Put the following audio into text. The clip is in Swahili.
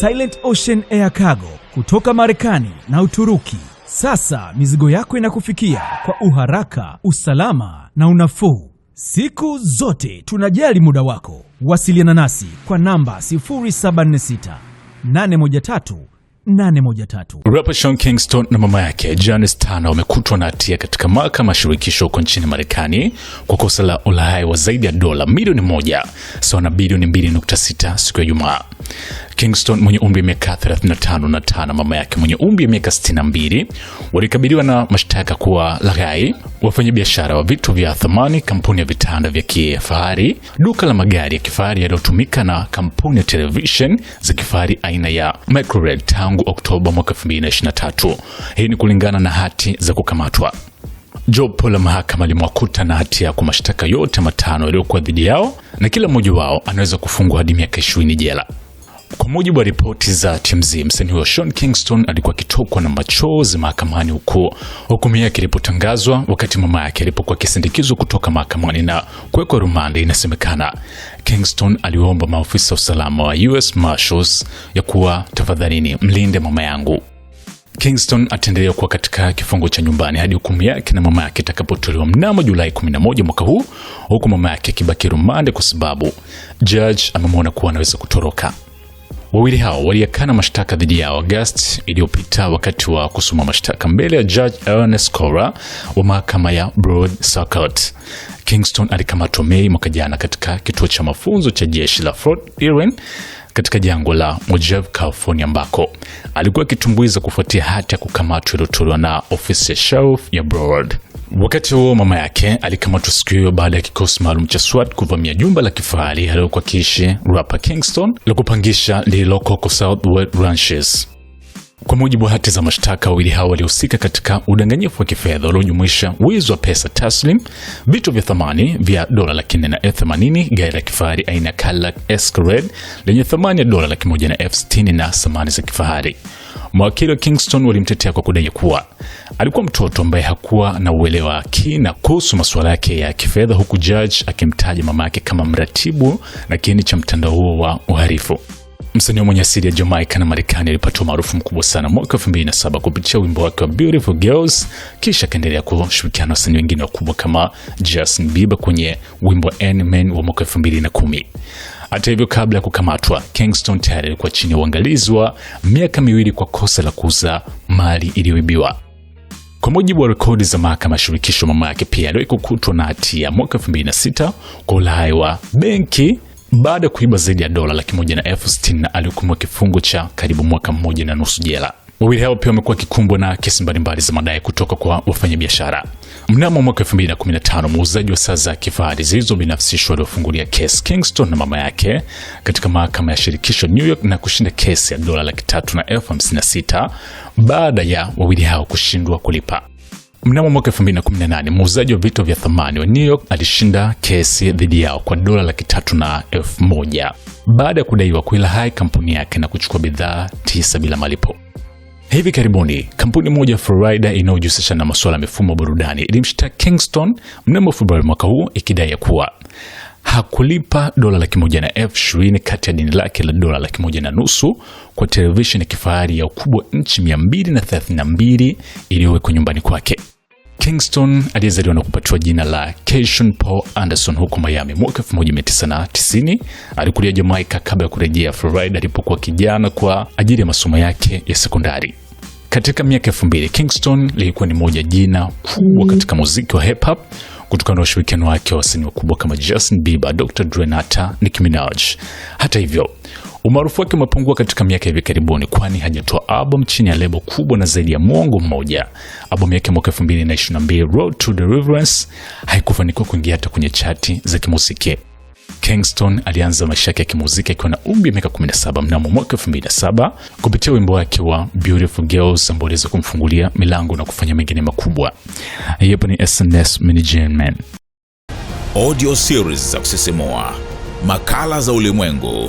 Silent Ocean Air Cargo kutoka Marekani na Uturuki. Sasa mizigo yako inakufikia kwa uharaka, usalama na unafuu. Siku zote tunajali muda wako. Wasiliana nasi kwa namba 076 813 813. Rapa Sean Kingston na mama yake Janice Tano wamekutwa na hatia katika mahakama ya shirikisho huko nchini Marekani kwa kosa la ulaghai wa zaidi ya dola milioni moja sawa na bilioni 2.6 siku ya Ijumaa. Kingston mwenye umri wa miaka 35 na tano, mama yake mwenye umri wa miaka 62 walikabiliwa na mashtaka kuwa laghai, wafanyabiashara wa vitu vya thamani, kampuni ya vitanda vya kifahari, duka la magari ya kifahari yaliyotumika na kampuni ya television za kifahari aina ya Microred tangu Oktoba mwaka 2023. Hii ni kulingana na hati za kukamatwa. Jopo la mahakama limewakuta na hatia kwa mashtaka yote matano yaliyokuwa dhidi yao na kila mmoja wao anaweza kufungwa hadi miaka 20 jela. Kwa mujibu wa ripoti za TMZ, msanii huyo Sean Kingston alikuwa akitokwa na machozi mahakamani huku hukumu yake ilipotangazwa, wakati mama yake alipokuwa akisindikizwa kutoka mahakamani na kuwekwa rumande. Inasemekana Kingston aliomba maafisa wa usalama wa US Marshals ya kuwa tafadhalini, mlinde mama yangu. Kingston ataendelea kuwa katika kifungo cha nyumbani hadi hukumu yake na mama yake itakapotolewa mnamo Julai 11 mwaka huu, huku mama yake akibaki rumande kwa sababu judge amemwona kuwa anaweza kutoroka. Wawili hao waliakana mashtaka dhidi yao Agosti iliyopita wakati wa kusoma mashtaka mbele ya Judge Ernest Cora wa mahakama ya Broad Circuit. Kingston alikamatwa Mei mwaka jana katika kituo cha mafunzo cha jeshi la Fort Irwin katika jangwa la mojev California ambako alikuwa akitumbuiza kufuatia hati ya kukamatwa iliyotolewa na ofisi ya sheriff ya Broad. Wakati huo mama yake alikamatwa siku hiyo baada ya kikosi maalum cha SWAT kuvamia jumba la kifahari aliyokuwa kiishi rapa Kingston la kupangisha lililoko Southwood Ranches. Kwa mujibu wa hati za mashtaka, wawili hao walihusika katika udanganyifu wa kifedha uliojumuisha wizi wa pesa taslim, vitu vya thamani vya dola laki nne na elfu themanini, gari la kifahari aina ya Cadillac Escalade lenye thamani ya dola laki moja na elfu sitini na samani za kifahari. Mawakili wa Kingston walimtetea kwa kudai kuwa alikuwa mtoto ambaye hakuwa na uelewa kina kuhusu masuala yake ya kifedha, huku judge akimtaja mama yake kama mratibu na kiini cha mtandao huo wa uhalifu. Msanii mwenye asili ya Jamaica na Marekani alipatiwa maarufu mkubwa sana mwaka 2007 kupitia wimbo wake wa Beautiful Girls, kisha akaendelea kushirikiana wasanii wengine wakubwa kama Justin bibe kwenye wimbo n wa mwaka 2010. Hata hivyo, kabla ya kukamatwa, Kingston tayari alikuwa chini ya uangalizi wa miaka miwili kwa kosa la kuuza mali iliyoibiwa. Kwa mujibu wa rekodi za mahakama ya shirikisho, mama yake pia aliwahi kukutwa na hatia mwaka 26 kwa ulahai wa benki baada ya kuiba zaidi ya dola laki moja na elfu sitini na alihukumiwa kifungo cha karibu mwaka mmoja na nusu jela. Wawili hao pia wamekuwa wakikumbwa na kesi mbalimbali za madai kutoka kwa wafanyabiashara. Mnamo mwaka 2015 muuzaji wa saa za kifahari zilizobinafsishwa aliofungulia kesi Kingston na mama yake katika mahakama ya shirikisho New York na kushinda kesi ya dola laki tatu na elfu hamsini na sita baada ya wawili hao kushindwa kulipa. Mnamo mwaka 2018 muuzaji wa vito vya thamani wa New York alishinda kesi dhidi yao kwa dola laki tatu na elfu moja baada ya kudaiwa kuila hai kampuni yake na kuchukua bidhaa tisa bila malipo. Hivi karibuni kampuni moja ya Florida inayojihusisha na masuala ya mifumo ya burudani ilimshtaki Kingston mnamo Februari mwaka huu ikidai ya kuwa hakulipa dola laki moja na elfu ishirini kati ya deni lake la dola laki moja na nusu kwa televisheni ya kifahari ya ukubwa inchi mbili iliyowekwa nyumbani kwake. Kingston aliyezaliwa na kupatiwa jina la Keishon Paul Anderson huko Miami mwaka 1990. Alikulia Jamaica kabla ya kurejea Florida alipokuwa kijana kwa ajili ya masomo yake ya sekondari. Katika miaka 2000, Kingston lilikuwa ni moja jina kubwa mm-hmm. katika muziki wa hip hop kutokana na ushirikiano wake wa wasanii wakubwa kama Justin Bieber, Dr. Dre na Nicki Minaj. Hata hivyo Umaarufu wake umepungua katika miaka hivi karibuni, kwani hajatoa album chini ya lebo kubwa na zaidi ya mwongo mmoja. Albamu yake mwaka 2022 Road to Deliverance haikufanikiwa kuingia hata kwenye chati za kimuziki. Kingston alianza maisha yake ya kimuziki akiwa na umri wa miaka 17 mnamo mwaka 2007 kupitia wimbo wake wa Beautiful Girls ambao aliweza kumfungulia milango na kufanya mengine makubwa. Hapa ni SNS Management. Audio series za kusisimua, makala za ulimwengu